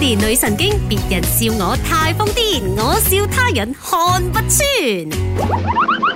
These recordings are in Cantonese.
連女神經，別人笑我太瘋癲，我笑他人看不穿。.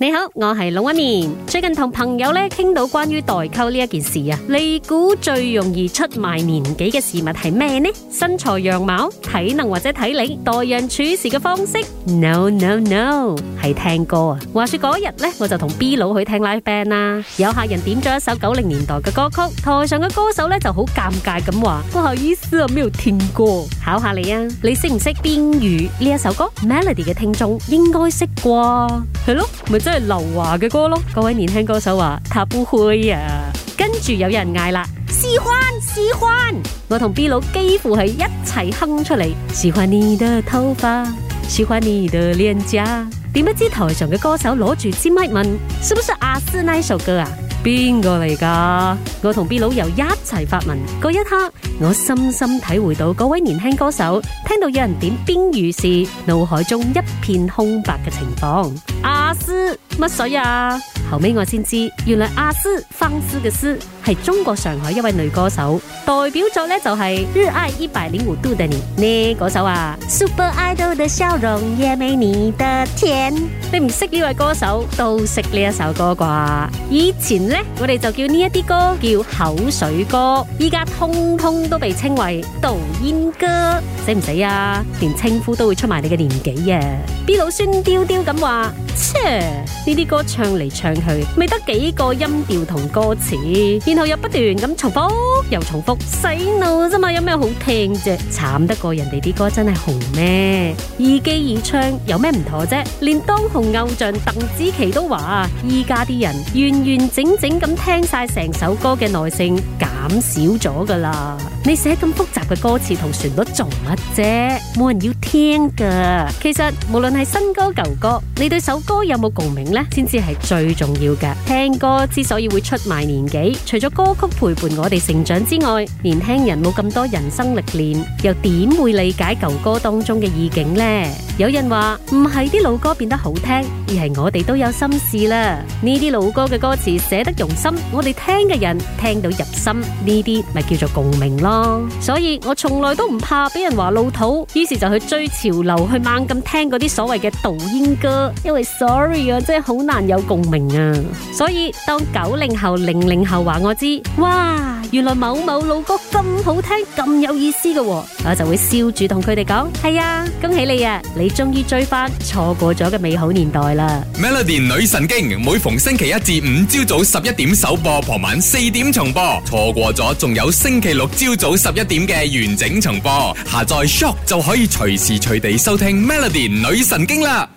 你好，我係龍紋敏。最近同朋友咧傾到關於代溝呢一件事啊，你估最容易出賣年紀嘅事物係咩呢？身材、樣貌、體能或者體力，待人處事嘅方式？No No No，係聽歌啊！話說嗰日咧，我就同 B 佬去聽 live band 啦，有客人點咗一首九零年代嘅歌曲，台上嘅歌手咧就好尷尬咁話：不好意思啊，冇聽過。考下你啊，你識唔識邊嶼呢一首歌《Melody》嘅聽眾應該識啩？係咯，都係劉華嘅歌咯，各位年輕歌手話，他不會啊。跟住有人嗌啦，喜歡喜歡，我同 B 佬幾乎係一齊哼出嚟。喜歡你的頭髮，喜歡你的臉頰。點不知台上嘅歌手攞住支麥問，是不是阿四那首歌啊？邊個嚟噶？我同 B 佬又一齊發文嗰一刻，我深深體會到嗰位年輕歌手聽到有人點冰雨時腦海中一片空白嘅情況。阿詩乜水啊？後尾我先知，原來阿肆放肆嘅肆係中國上海一位女歌手，代表作咧就係、是《熱愛一百零五度嘅你》呢嗰首啊。Super Idol 的笑容也沒你的甜，你唔識呢位歌手都識呢一首歌啩？以前咧我哋就叫呢一啲歌叫口水歌，依家通通都被稱為抖音歌，死唔死啊？連稱呼都會出賣你嘅年紀啊！啲老孫刁刁咁話，切呢啲歌唱嚟唱去。未得幾個音調同歌詞，然後又不斷咁重複又重複，洗腦啫嘛，有咩好聽啫？慘得過人哋啲歌真係紅咩？易記易唱有咩唔妥啫？連當紅偶像鄧紫棋都話啊，依家啲人完完整整咁聽晒成首歌嘅耐性減少咗噶啦。你寫咁複雜嘅歌詞同旋律做乜啫？冇人要聽噶。其實無論係新歌舊歌，你對首歌有冇共鳴呢，先至係最重要。重要嘅，聽歌之所以會出賣年紀，除咗歌曲陪伴我哋成長之外，年輕人冇咁多人生歷練，又點會理解舊歌當中嘅意境呢？有人話唔係啲老歌變得好聽，而係我哋都有心事啦。呢啲老歌嘅歌詞寫得用心，我哋聽嘅人聽到入心，呢啲咪叫做共鳴咯。所以我從來都唔怕俾人話老土，於是就去追潮流，去猛咁聽嗰啲所謂嘅抖音歌，因為 sorry 啊，真係好難有共鳴。Mm. 所以當九零後、零零後話我知，哇，原來某某老歌咁好聽、咁有意思嘅，我就會笑住同佢哋講：係啊，恭喜你啊，你終於追翻，錯過咗嘅美好年代啦！Melody 女神經每逢星期一至五朝早十一點首播，傍晚四點重播，錯過咗仲有星期六朝早十一點嘅完整重播，下載 Shock 就可以隨時隨地收聽 Melody 女神經啦！